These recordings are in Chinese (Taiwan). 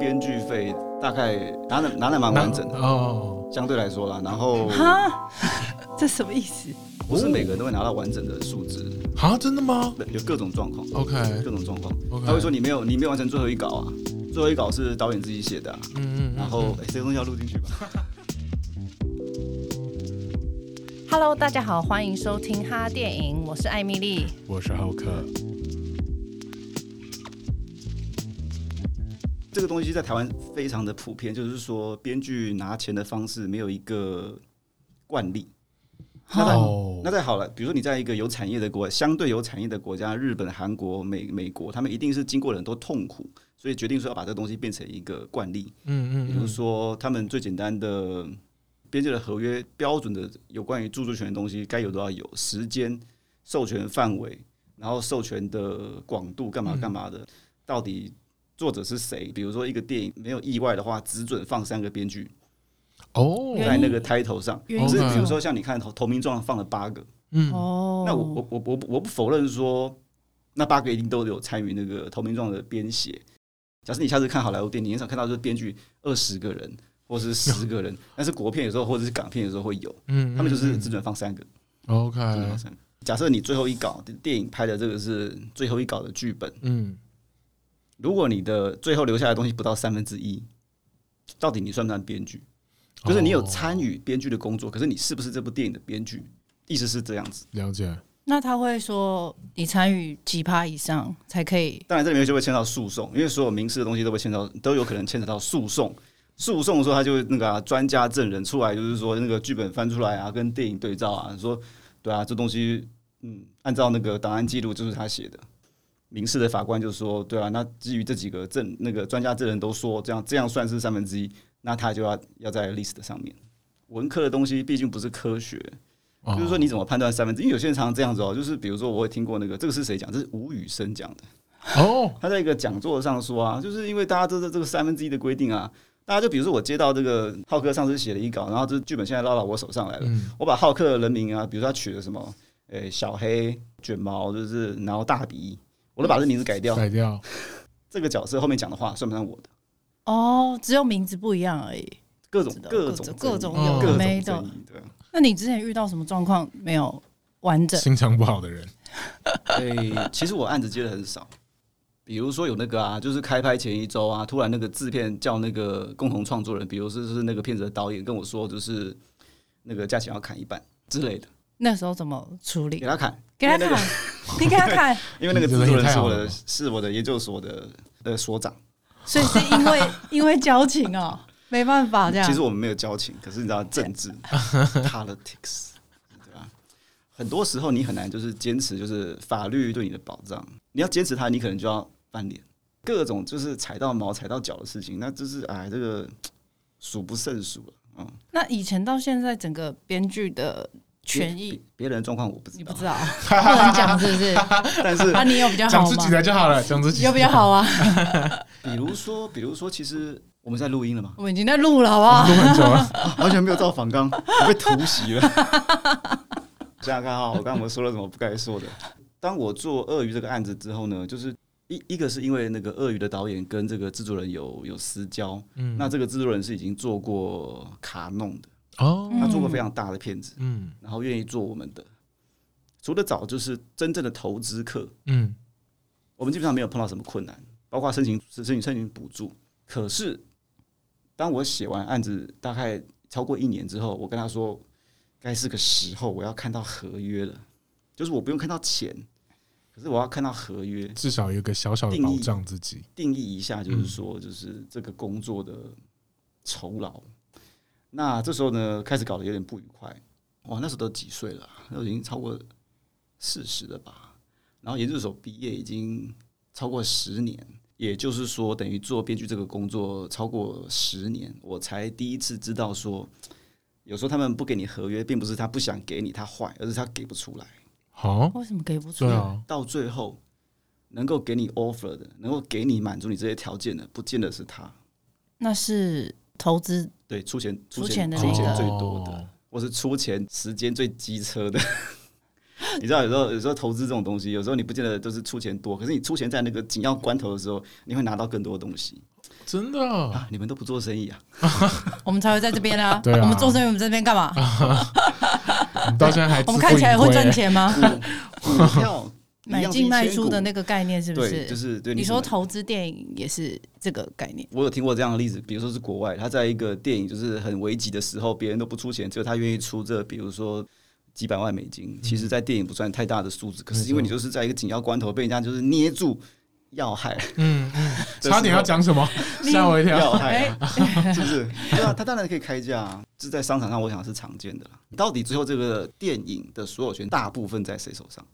編劇費大概拿的拿的蠻完整的哦，哦，哦，相對來說啦。然後哈， 這是什麼意思？不是每個人都會拿到完整的數字啊？真的嗎？有各種狀況。OK，各種狀況。Okay, 他會說你沒有你沒有完成最後一稿啊，最後一稿是導演自己寫的啊。嗯嗯嗯。然後，欸，這個東西要錄進去吧。 Hello，大家好，歡迎收聽哈電影，我是艾米麗，我是浩克。這個東西在台灣非常的普遍，就是說編劇拿錢的方式沒有一個慣例。哦，那再好了，比如說你在一個有產業的國，相對有產業的國家，日本、韓國、美美國，他們一定是經過了很多痛苦，所以決定說要把這個東西變成一個慣例。嗯嗯。比如說他們最簡單的編劇的合約標準的有關於著作權的東西，該有多少，有時間授權範圍，然後授權的廣度幹嘛幹嘛的，到底。作者是誰？比如說一個電影沒有意外的話，只準放三個編劇。哦，在那個 title 上，就、okay. 是比如說像你看《投投名狀》放了八個。嗯，哦，那我我我我我不否認說那八個一定都有參與那個《投名狀》的編寫。假設你下次看好萊塢電影，你經常看到就是編劇二十個人或是十個人，但是國片有時候或者是港片有時候會有，嗯，他們就是只準放三個。OK 個。假設你最後一稿電影拍的這個是最後一稿的劇本，嗯。如果你的最後留下來的東西不到三分之一，到底你算不算編劇？就是你有參與編劇的工作，oh. 可是你是不是這部電影的編劇？意思是這樣子。了解。那他會說你，你參與幾趴以上才可以？當然這裡面就會牽到訴訟，因為所有民事的東西都會牽到，都有可能牽扯到訴訟。訴 訟的時候，他就會那個啊、專家證人出來，就是說那個劇本翻出來啊，跟電影對照啊，說對啊，這東西嗯，按照那個檔案記錄就是他寫的。民事的法官就說：“對啊，那至於這幾個證，那個專家證人都說這樣，這樣算是三分之一，那他就要要在 list 的上面，文科的東西畢竟不是科學，就是說你怎麼判斷三分之一？Oh. 有些人常常這樣子哦、喔，就是比如說，我也聽過那個，這個是誰講？這是吳宇森講的哦，oh. 他在一個講座上說啊，就是因為大家都在這個三分之一的規定啊，大家就比如說我接到這個浩克上次寫了一稿，然後這劇本現在落到我手上來了、嗯，我把浩克的人名啊，比如說他取了什麼，誒、欸，小黑捲毛，就是然後大鼻。”我都把這名字改掉，改掉。 這個角色後面講的話算不算我的？哦，只有名字不一樣而已各各。各種、哦、各種各種有的沒的。對、啊。那你之前遇到什麼狀況沒有完整？心腸不好的人對。哎， 其實我案子接的很少。比如說有那個啊，就是開拍前一周啊，突然那個制片叫那個共同創作人，比如是是那個片子的導演跟我說，就是那個價錢要砍一半之類的。那時候怎麼處理？給他看，給他看，那個、你給他看。因為， 因為那個負責人是我的、的也，是我的研究所的呃、那個、所長，所以是因為 因為交情哦、喔，沒辦法這樣。其實我們沒有交情，可是你知道政治 ，politics，對吧、啊？很多時候你很難就是堅持，就是法律對你的保障，你要堅持他，你可能就要翻臉，各種就是踩到毛、踩到腳的事情，那就是哎，這個數不勝數了。嗯，那以前到現在整個編劇的。權益，別人的狀況我不知道，你不知道，不能講是不是？ 但是你有比講自己的就好了。講 自己有比較好啊。 比如說，比如說，其實我們在錄音了嗎？我們已經在錄了，好不好？五分鐘，完全沒有照訪綱，被突襲了。這 樣看啊、哦，我剛才我說了什麼不該說的？當我做鱷魚這個案子之後呢，就是一一個是因為那個鱷魚的導演跟這個制作人有有私交，嗯，那這個制作人是已經做過卡弄的。Oh, 他做過非常大的片子，嗯，然後願意做我們的，除了早就是真正的投資客，嗯，我們基本上沒有碰到什麼困難，包括申請申請申請補助。可是，當我寫完案子大概超過一年之後，我跟他說，該是個時候我要看到合約了，就是我不用看到錢，可是我要看到合約，至少有個小小的保障自己，嗯，定義一下就是說，就是這個工作的酬勞。那這時候呢，開始搞得有點不愉快。哇，那時候都幾歲了，都已經超過四十了吧？然後研究所畢業已經超過十年，也就是說，等於做編劇這個工作超過十年，我才第一次知道說，有時候他們不給你合約，並不是他不想給你，他壞，而是他給不出來。好，為什麼給不出來？到最後能夠給你 offer 的，能夠給你滿足你這些條件的，不見得是他。那是。投資對，出錢出錢出錢的出錢最多的，我、哦、是出錢時間最機車的。 你知道有時候有時候投資這種東西，有時候你不見得都是出錢多，可是你出錢在那個緊要關頭的時候，你會拿到更多的東西。真的啊！啊你們都不做生意啊？ 我們才會在這邊啊！ 我們做生意我們在這邊幹嘛？ 還，我們看起來會賺錢嗎？ 買進賣出的那個概念是不是？對，就是對你說投資電影也是這個概念。我有聽過這樣的例子，比如說是國外，他在一個電影就是很危急的時候，別人都不出錢，只有他願意出這，比如說幾百萬美金。其實，在電影不算太大的數字，嗯，可是因為你就是在一個緊要關頭被人家就是捏住要害，嗯，嗯，差點要講什麼，嚇 我一跳，要害，啊欸、是不是？ 對啊，他當然可以開價，這在商場上我想是常見的啦。到底最後這個電影的所有權大部分在誰手上？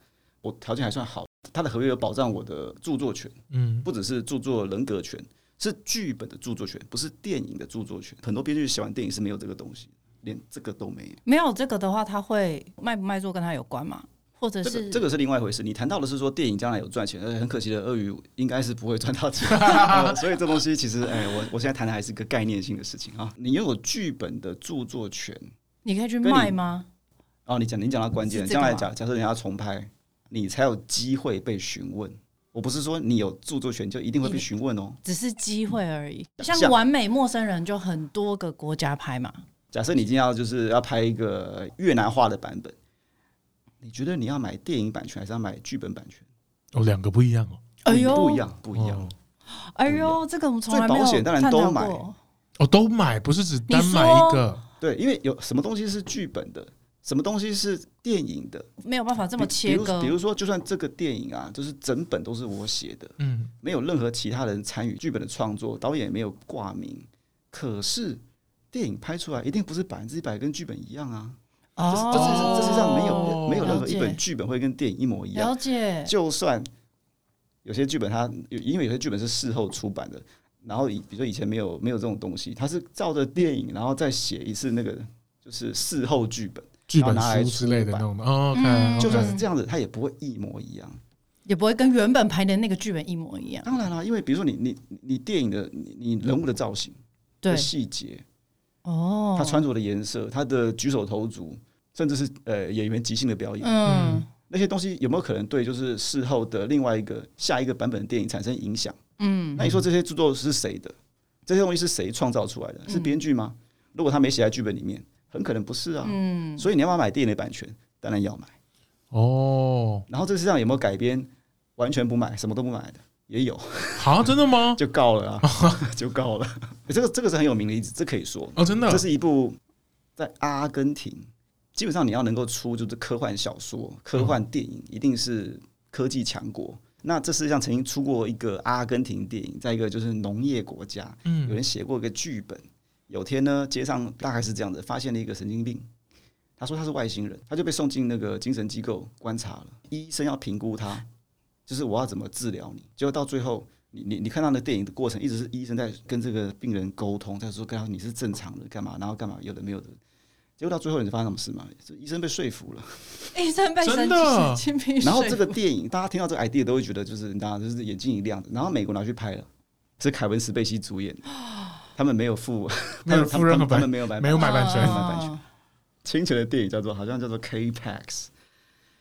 我條件還算好，他的合約有保障我的著作權，嗯，不只是著作人格權，是劇本的著作權，不是電影的著作權。很多編劇喜歡電影是沒有這個東西，連這個都沒有。沒有這個的話，他會賣不賣座跟他有關嗎？或者是、這個、這個是另外一回事。你談到的是說電影將來有賺錢，而、欸、且很可惜的，鱷魚應該是不會賺到錢、 哦。所以這東西其實，哎、欸，我我現在談的還是一個概念性的事情啊。你擁有劇本的著作權，你可以去賣嗎？哦，你講，你講到關鍵，將來講，假設人家重拍。你才有機會被詢問。我不是說你有著作權就一定會被詢問哦、喔，只是機會而已像。像《完美陌生人》就很多個國家拍嘛。假設你今天要就是要拍一個越南化的版本，你覺得你要買電影版權還是要買劇本版權？哦，兩個不一樣哦。哎呦，不一樣，不一樣。哎呦，哦、哎呦這個我從來沒有看過，當然都買。哦，都買不是只單買一個？對，因為有什麼東西是劇本的。什麼東西是電影的？沒有辦法這麼切割。比如，比如說，就算這個電影啊，就是整本都是我寫的，嗯，沒有任何其他人參與劇本的創作，導演也沒有掛名，可是電影拍出來一定不是百分之一百跟劇本一樣啊。哦就是就是哦、這這是這世上沒有、哦、沒有任何一本劇本會跟電影一模一樣。了解。就算有些劇本它有，因為有些劇本是事後出版的，然後以比如說以前沒有沒有這種東西，它是照着電影然後再寫一次那個就是事後劇本。劇本書之類的那種嘛、嗯，就算是這樣子，它也不會一模一樣，嗯、也不會跟原本拍的那個劇本一模一樣。當然了，因為比如說你你你電影的你，你人物的造型，對細節，哦，他穿着的顏色，他的舉手投足，甚至是呃演員即興的表演嗯，嗯，那些東西有沒有可能對就是事後的另外一個下一個版本的電影產生影響？嗯，那你說這些製作是誰的、嗯？這些東西是誰創造出來的？是編劇嗎、嗯？如果他沒寫在劇本裡面？很可能不是啊，嗯，所以你要不要買電影的版權，當然要買哦。然後，這世上有沒有改編完全不買什麼都不買的也有啊？真的嗎？就告了啊，就告了。這個這個是很有名的例子，這可以說啊，真的。這是一部在阿根廷，基本上你要能夠出就是科幻小說、科幻電影，一定是科技強國。那這世上曾經出過一個阿根廷電影，再一個就是農業國家，嗯，有人寫過一個劇本。有天呢，街上大概是這樣子，發現了一個神經病，他說他是外星人，他就被送進那個精神機構觀察了。醫生要評估他，就是我要怎麼治療你？結果到最後，你你你看到那電影的過程，一直是醫生在跟這個病人溝通，說跟他說，幹你是正常的，幹嘛，然後幹嘛，有的沒有的。結果到最後，你就發生什麼事嘛？醫生被說服了，醫生被神經病。然後這個電影，大家聽到這個 idea 都會覺得，就是大家就是眼睛一亮。然後美國拿去拍了，是凱文·斯貝西主演的。他們沒有付，他們沒有付任何版，他們，他們沒有買版，沒有買版權，啊、買版權。侵權的電影叫做好像叫做 K-Pax，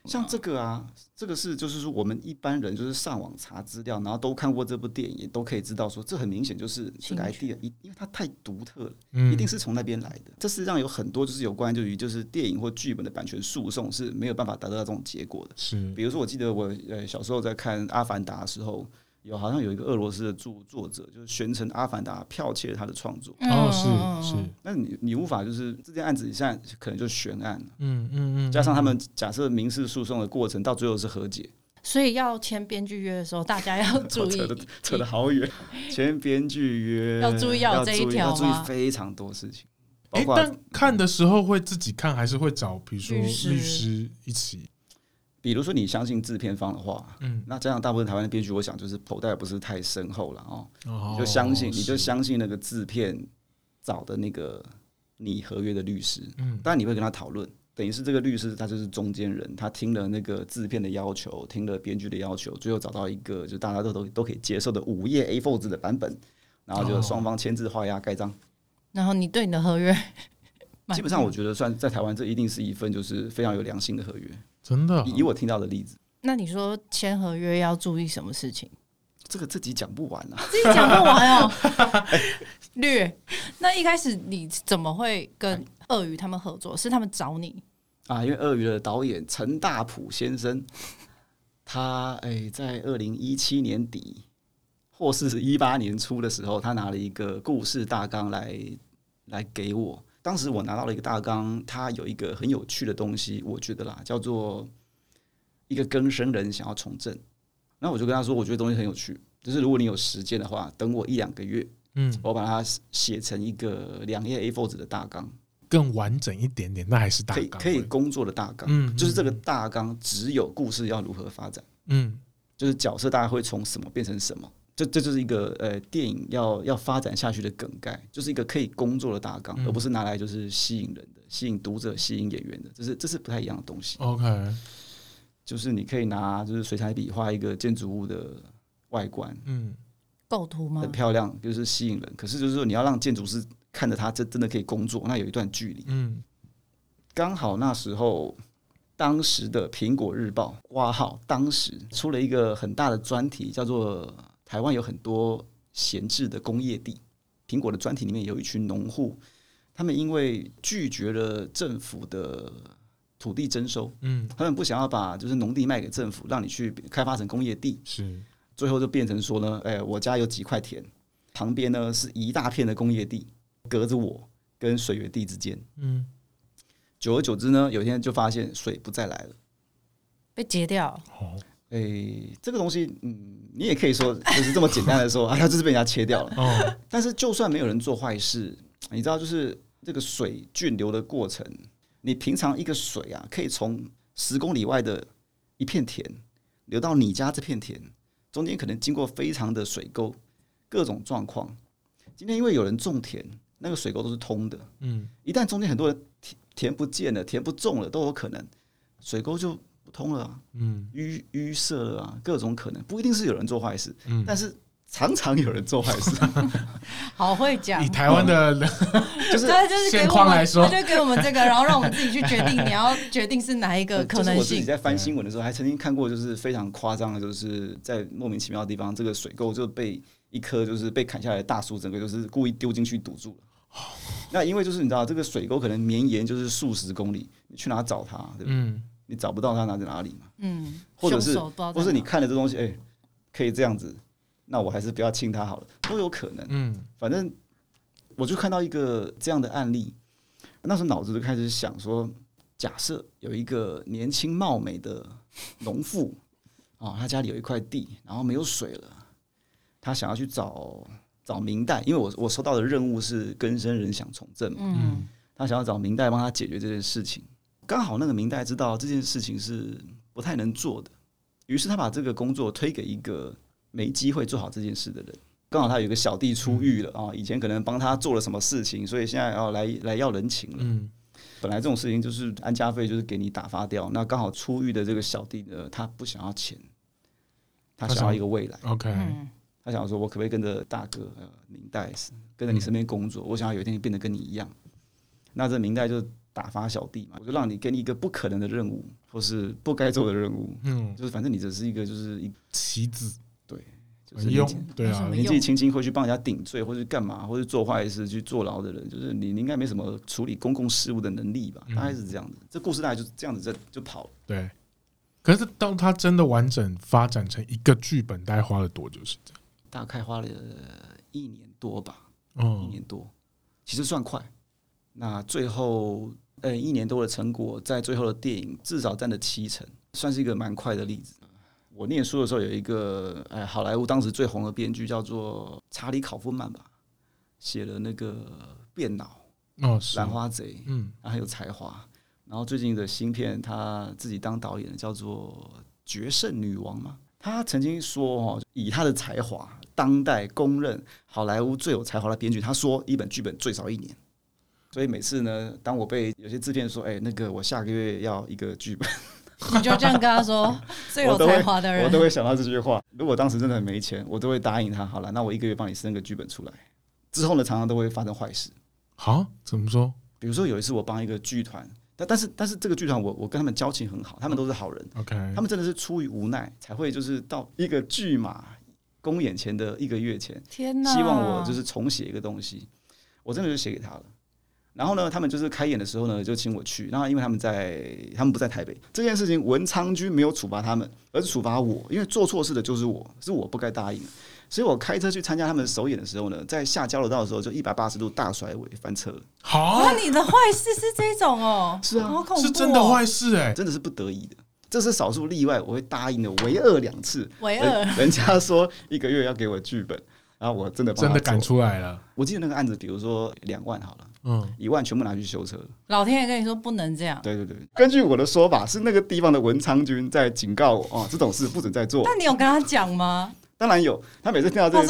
像這個啊，這個是就是說我們一般人就是上網查資料，然後都看過這部電影，都可以知道說這很明顯就是這個 idea 因因為它太獨特了、嗯，一定是從那邊來的。這事實上有很多就是有關於就,就是電影或劇本的版權訴訟是沒有辦法達到這種結果的。是，比如說我記得我呃小時候在看《阿凡達》的時候。有好像有一個俄羅斯的著作者，就是宣稱《阿凡達》剽竊他的創作、嗯、哦，是是。那你你無法就是這件案子現在可能就懸案了，嗯嗯嗯。加上他們假設民事訴訟的過程到最後是和解，所以要簽編劇約的時候，大家要注意 扯得扯得好遠。簽編劇約要注意要這一條嗎？要注意非常多事情。哎、啊欸，但看的時候會自己看，還是會找比如說律師，律師一起？比如說，你相信製片方的話，嗯，那這樣大部分台灣的編劇，我想就是口袋不是太深厚了、喔、哦，就相信、哦、你就相信那個製片找的那個你合約的律師，嗯，但你會跟他討論，等於是這個律師他就是中間人，他聽了那個製片的要求，聽了編劇的要求，最後找到一個就大家都都都可以接受的五頁 A4 的版本，然後就雙方簽字畫押蓋章，然後你對你的合約，基本上我覺得算在台灣這一定是一份就是非常有良心的合約。真的、啊，以我聽到的例子，那你說簽合約要注意什麼事情？這個自己講不完啊，自己講不完哦、 哎、略。那一開始你怎麼會跟鱷魚他們合作？是他們找你啊？因為鱷魚的導演陳大普先生，他哎，在二零一七年底或是一八年初的時候，他拿了一個故事大綱來來給我。當時我拿到了一個大綱，它有一個很有趣的東西，我覺得啦，叫做一個更生人想要從政。那我就跟他說，我覺得東西很有趣，就是如果你有時間的話，等我一兩個月，嗯，我把它寫成一個兩頁 A4 紙的大綱，更完整一點點，那還是大綱，可以可以工作的大綱、嗯嗯，就是這個大綱只有故事要如何發展，嗯，就是角色大概會從什麼變成什麼。這這就是一個呃、欸、電影要要發展下去的梗概，就是一個可以工作的大綱，嗯，而不是拿來就是吸引人的、吸引讀者、吸引演員的，這是這是不太一樣的東西。OK，就是你可以拿就是水彩筆畫一個建築物的外觀，嗯，構圖嗎？很漂亮，就是吸引人。可是就是說你要讓建築師看着它這真的可以工作，那有一段距離。嗯，剛好那時候當時的《蘋果日報》掛號，當時出了一個很大的專題，叫做。台灣有很多閒置的工業地。蘋果的專題裡面有一群農戶，他們因為拒絕了政府的土地徵收，嗯，他們不想要把就是農地賣給政府，讓你去開發成工業地，是。最後就變成說呢，哎、欸，我家有幾塊田，旁邊呢是一大片的工業地，隔着我跟水源地之間，嗯，久而久之呢，有些人就發現水不再來了，被截掉。哎、欸，這個東西，嗯，你也可以說，就是這麼簡單的說， 啊。它就是被人家切掉了。哦、但是，就算沒有人做壞事，你知道，就是這個水徑流的過程，你平常一個水啊，可以從十公里外的一片田流到你家這片田，中間可能經過非常的水溝，各種狀況。今天因為有人種田，那個水溝都是通的。嗯，一旦中間很多人田田不見了，田不種了，都有可能水溝就。通了啊，嗯，淤淤塞了啊，各種可能，不一定是有人做壞事，嗯、但是常常有人做壞事。嗯、 好會講，以台灣的、嗯，就是 就是給我們框來說，就給我們這個，然後讓我們自己去決定，你要決定是哪一個可能性。嗯就是、我自己在翻新聞的時候，還曾經看過，就是非常誇張的，就是在莫名其妙的地方，這個水溝就被一棵就是被砍下來的大樹，整個就是故意丟進去堵住了、哦。那因為就是你知道，這個水溝可能綿延就是數十公里，你去哪找它？對，不對。嗯你找不到他拿在哪裡嘛？嗯，或者是，不或是你看了這東西，哎、嗯欸，可以這樣子，那我還是不要親他好了，都有可能。嗯，反正我就看到一個這樣的案例，那時候腦子就開始想說，假設有一個年輕貌美的農婦啊，她、嗯哦、家裡有一塊地，然後沒有水了，她想要去找找明代，因為我我收到的任務是更生人想從政嘛，嗯，他想要找明代幫他解決這件事情。剛好那個明代知道這件事情是不太能做的，於是他把這個工作推給一個沒機會做好這件事的人。剛好他有個小弟出獄了啊，以前可能幫他做了什麼事情，所以現在要來來要人情了。本來這種事情就是安家費，就是給你打發掉。那剛好出獄的這個小弟呢，他不想要錢，他想要一個未來。OK，他想說，我可不可以跟着大哥明代跟着你身邊工作？我想要有一天變得跟你一樣。那這明代就。打發小弟嘛，我就讓你給你一個不可能的任務，或是不該做的任務，嗯，就是反正你只是一個，就是一棋子，對，是用，就是、你對、啊，年紀輕輕會去幫人家頂罪，或者幹嘛，或者做壞事去坐牢的人，就是你，你應該沒什麼處理公共事務的能力吧？大概是這樣子。嗯、這故事大概就是這樣子，就就跑了。對。可是，當他真的完整發展成一個劇本，大概花了多久？是這樣，大概花了一年多吧。嗯，一年多，其實算快。那最後。嗯、欸，一年多的成果，在最後的電影至少占了七成，算是一個蠻快的例子。我念書的時候，有一個哎、欸，好萊塢當時最紅的編劇叫做查理·考夫曼吧，寫了那個《變腦》哦，《蘭花賊》嗯，很有才華。然後最近的新片，他自己當導演叫做《決勝女王》嘛。他曾經說哦，以他的才華，當代公認好萊塢最有才華的編劇，他說一本劇本最少一年。所以每次呢，當我被有些製片說：“哎、欸，那個我下個月要一個劇本。 ”你就這樣跟他說：“最有才華的人。我”我都會想到這句話。如果當時真的很沒錢，我都會答應他。好了，那我一個月幫你生個劇本出來。之後呢，常常都會發生壞事。好，怎麼說？比如說有一次，我幫一個劇團，但但是但是這個劇團，我我跟他們交情很好，他們都是好人。OK，他們真的是出於無奈才會就是到一個劇碼公演前的一個月前，天吶，希望我就是重寫一個東西，我真的就寫給他了。然後呢，他們就是開演的時候呢，就請我去。然後，因為他們在他們不在台北這件事情，文昌君沒有處罰他們，而是處罰我，因為做錯事的就是我，是我不該答應。所以我開車去參加他們首演的時候呢，在下交流道的時候就一百八十度大甩尾翻車了。那、啊啊、你的壞事是這種哦？ 是啊，好恐怖、哦，是真的壞事哎、欸，真的是不得已的，這是少數例外，我會答應的。唯二兩次，唯二人，人家說一個月要給我劇本，然後我真的真的趕出來了。我記得那個案子，比如說兩萬好了。嗯，一萬全部拿去修車。老天爺跟你說不能這樣。對對對，根據我的說法，是那個地方的文昌君在警告我啊，哦，這種事不准再做。那你有跟他講嗎？當然有，他每次聽到這事，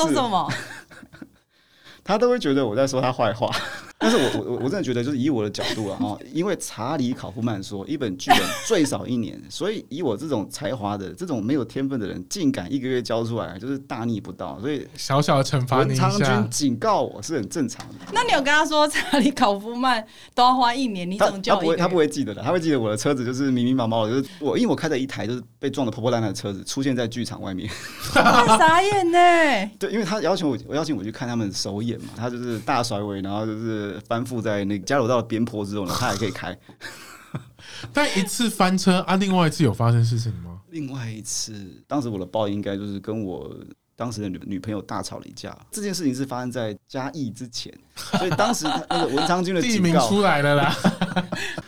他都會覺得我在說他壞話。但是我我我真的覺得，就是以我的角度啊， 因為查理·考夫曼說一本劇本最少一年， 所以以我這種才華的、這種沒有天分的人，竟敢一個月交出來，就是大逆不道。所以小小的懲罰你一下，文昌君警告我是很正常的。那你有跟他說查理·考夫曼都要花一年？你怎麼交？他不會，他不會記得的。他會記得我的車子就是明明白白，就是我因為我開着一台就是被撞的破破爛爛的車子出現在劇場外面， 傻眼呢。 對，因為他邀請我，我邀請我去看他們首演嘛，他就是大甩尾，然後就是。翻覆在那個加油道的邊坡之後呢，他還可以開 。 但一次翻車啊，另外一次有發生事情嗎？另外一次，當時我的報應應該就是跟我。當時的女女朋友大吵了一架，這件事情是發生在嘉義之前，所以當時他那個文昌君的警告 名出來了啦。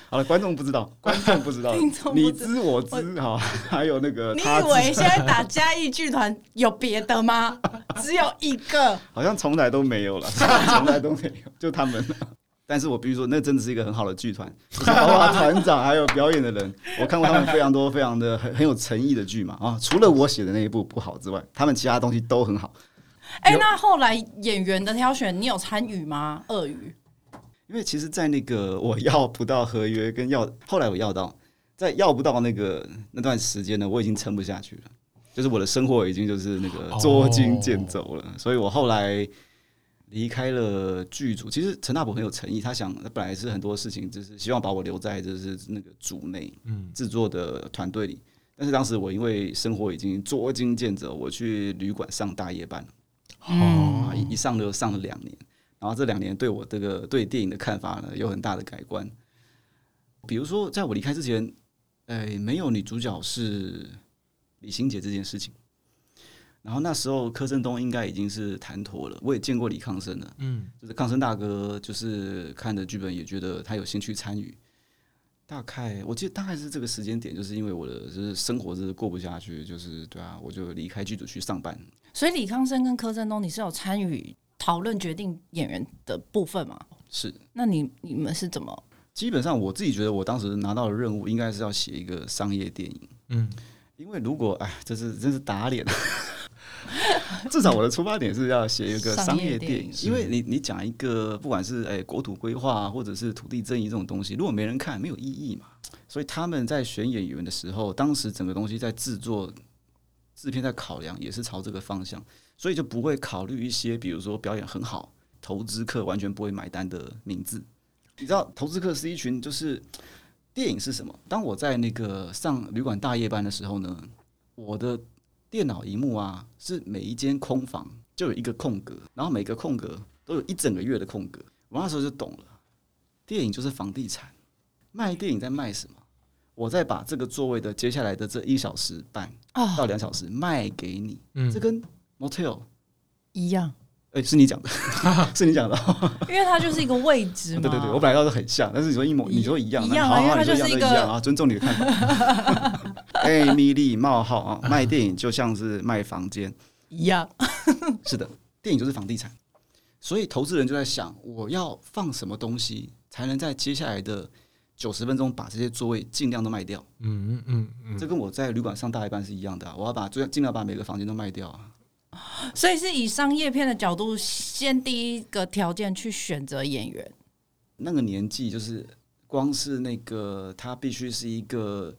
好了，觀眾不知道，觀眾不知道， 你知我知。哈， 還有那個，你以為現在打嘉義劇團有別的嗎？ 只有一個，好像從來都沒有了，從來都沒有，就他們了。 但是我必須說，那真的是一個很好的劇團，團長還有表演的人， 我看過他們非常多、非常的很很有誠意的劇嘛啊，除了我寫的那一部不好之外，他們其他東西都很好。哎、欸，那後來演員的挑選你有參與嗎？鱷魚？因為其實，在那個我要不到合約跟要，後來我要到，在要不到那個那段時間呢，我已經撐不下去了，就是我的生活已經就是那個捉襟見肘了、哦，所以我後來。離開了劇組，其實陳大伯很有誠意，他想本來是很多事情，就是希望把我留在就是那個組內，制作的團隊裡、嗯。但是當時我因為生活已經捉襟見肘，我去旅館上大夜班了，哦，一上就上了兩年。然後這兩年對我這個對電影的看法呢，有很大的改觀。比如說，在我離開之前，哎、欸，沒有女主角是李心潔這件事情。然後那時候柯震東應該已經是談妥了，我也見過李康生了，嗯，就是康生大哥，就是看着劇本也覺得他有興趣參與。大概我記得大概是這個時間點，就是因為我的就是生活是過不下去，就是對啊，我就離開劇組去上班。嗯。所以李康生跟柯震東，你是有參與討論決定演員的部分嗎？是。那你你們是怎麼？基本上我自己覺得我當時拿到的任務應該是要寫一個商業電影，嗯，因為如果哎，這是真是打臉。 至少我的出發點是要寫一個商業電影，因為你你講一個不管是誒國土規劃或者是土地爭議這種東西，如果沒人看，沒有意義嘛。所以他們在選演員的時候，當時整個東西在制作制片在考量，也是朝這個方向，所以就不會考慮一些比如說表演很好、投資客完全不會買單的名字。你知道，投資客是一群，就是電影是什麼？當我在那個上旅館大夜班的時候呢，我的。電腦螢幕啊，是每一間空房就有一個空格，然後每個空格都有一整個月的空格。我那時候就懂了，電影就是房地產，賣電影在賣什麼？我再把這個座位的接下來的這一小時半、哦、到兩小時賣給你、嗯，這跟 motel 一樣。哎、欸，是你講的，是你講的，因為它就是一個位置嘛。對對對，我本來倒是很像，但是你說一模，你說一樣，一樣，好好好，它就是一，就一樣啊，尊重你的看法。 艾米麗冒號啊，賣電影就像是賣房間一樣，是的，電影就是房地產，所以投資人就在想，我要放什麼東西才能在接下來的九十分鐘把這些座位盡量都賣掉？嗯嗯嗯，這跟我在旅館上大夜班是一樣的，啊，我要把最盡量把每個房間都賣掉啊。所以是以商業片的角度，先第一個條件去選擇演員，那個年紀就是光是那個他必須是一個。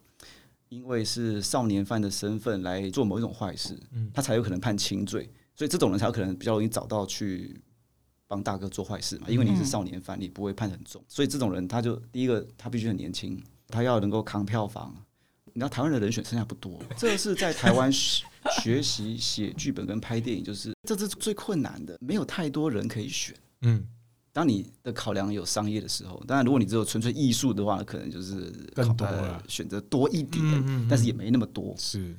因為是少年犯的身份來做某一種壞事，嗯，他才有可能判輕罪，所以這種人才有可能比較容易找到去幫大哥做壞事嘛。因為你是少年犯，你不會判很重，嗯，所以這種人他就第一個他必須很年輕，他要能夠扛票房。你知道台灣的人選剩下不多， 這是在台灣學習寫劇本跟拍電影，就是這是最困難的，沒有太多人可以選，嗯。當你的考量有商業的時候，當然如果你只有純粹藝術的話，可能就是更多選擇多一點更多了嗯嗯嗯，但是也沒那麼多。是，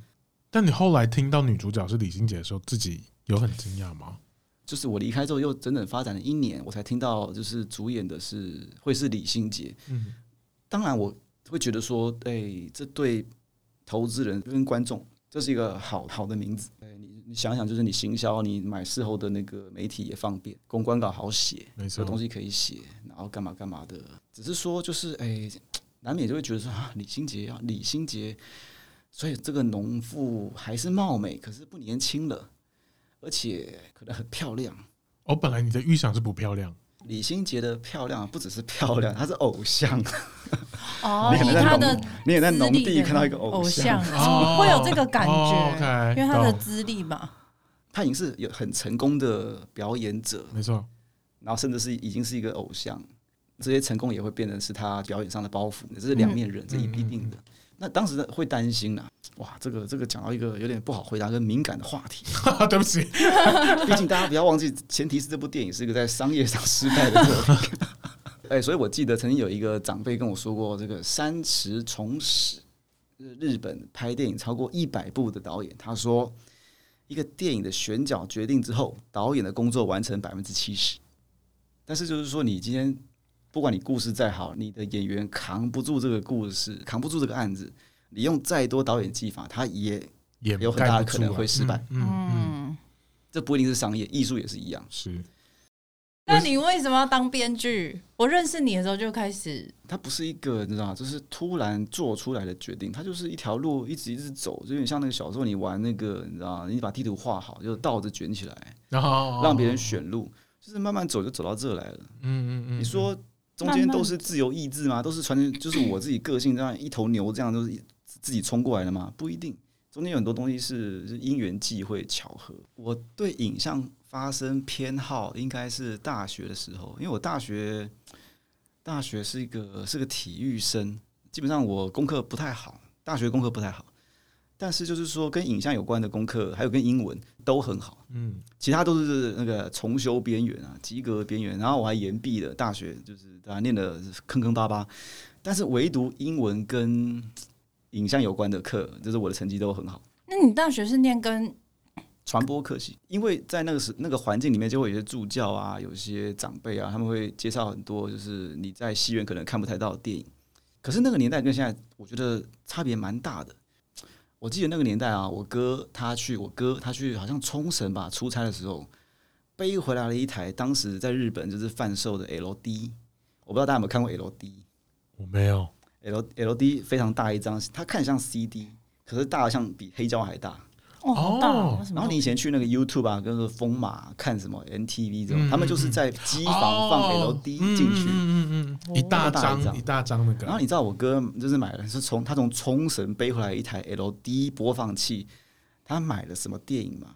但你後來聽到女主角是李心潔的時候，自己有很驚訝嗎？就是我離開之後，又整整發展了一年，我才聽到就是主演的是會是李心潔。嗯，當然我會覺得說，哎、欸，這對投資人跟觀眾。這是一個好好的名字，哎、欸，你你想想，就是你行銷，你買事後的那個媒體也方便，公關稿好寫，沒錯，東西可以寫，然後幹嘛幹嘛的。只是說，就是哎、欸，難免就會覺得說啊，李心潔啊，李心潔，所以這個農婦還是貌美，可是不年輕了，而且可能很漂亮。哦，本來你的預想是不漂亮，李心潔的漂亮不只是漂亮，她是偶像。 哦、oh，你可能在他的，你也在農地看到一個偶像，哦、會有這個感覺，哦、okay, 因為他的資歷嘛。他已經是有很成功的表演者，沒錯。然後甚至是已經是一個偶像，這些成功也會變成是他表演上的包袱，這是兩面人、嗯、這一定的。嗯嗯嗯、那當時會擔心吶、啊，哇，這個這個講到一個有點不好回答跟、就是、敏感的話題， 對不起，畢 竟大家不要忘記，前提是這部電影是一個在商業上失敗的作品。 哎、欸，所以我記得曾經有一個長輩跟我說過，這個三池崇史，日本拍電影超過一百部的導演，他說，一個電影的選角決定之後，導演的工作完成百分之七十，但是就是說，你今天不管你故事再好，你的演員扛不住這個故事，扛不住這個案子，你用再多導演技法，他也也有很大的可能會失敗。嗯嗯,嗯,嗯，這不一定是商業，藝術也是一樣。是。那你為什麼要當編劇？我認識你的時候就開始。他不是一個，你知道，就是突然做出來的決定，他就是一條路一直一直走，就有點像那個小時候你玩那個，你知道，你把地圖畫好，就倒着卷起來，然後，哦哦哦，讓別人選路，就是慢慢走就走到這來了。嗯嗯嗯,嗯。你說中間都是自由意志嗎？慢慢都是傳，就是我自己個性這樣一頭牛這樣都是自己衝過來的嗎？不一定。中間有很多東西是，是因緣際會巧合。我對影像發生偏好，應該是大學的時候，因為我大學大學是一個是個體育生，基本上我功課不太好，大學功課不太好。但是就是說跟影像有關的功課，還有跟英文都很好。嗯，其他都是那個重修邊緣啊，及格邊緣。然後我還延畢了，大學就是大家念的坑坑巴巴。但是唯獨英文跟影像有關的課，就是我的成績都很好。那你大學是念跟傳播科系，因為在那個時那個環境裡面，就會有些助教啊，有些長輩啊，他們會介紹很多，就是你在戲院可能看不太到的電影。可是那個年代跟現在，我覺得差別蠻大的。我記得那個年代啊，我哥他去，我哥他去，好像沖繩吧出差的時候，背回來了一台，當時在日本就是販售的 LD。我不知道大家有沒有看過 LD，我沒有。L L D 非常大一張，它看像 C D，可是大得像比黑膠還大哦，好大、哦。然後你以前去那個 YouTube 啊，跟風馬、啊、看什麼 NTV 這種、嗯，他們就是在機房放 L D 進去，哦、嗯嗯嗯，一大張，一大張的。然後你知道我哥就是買了，是從他從沖繩背回來一台 L D 播放器，他買了什麼電影嘛？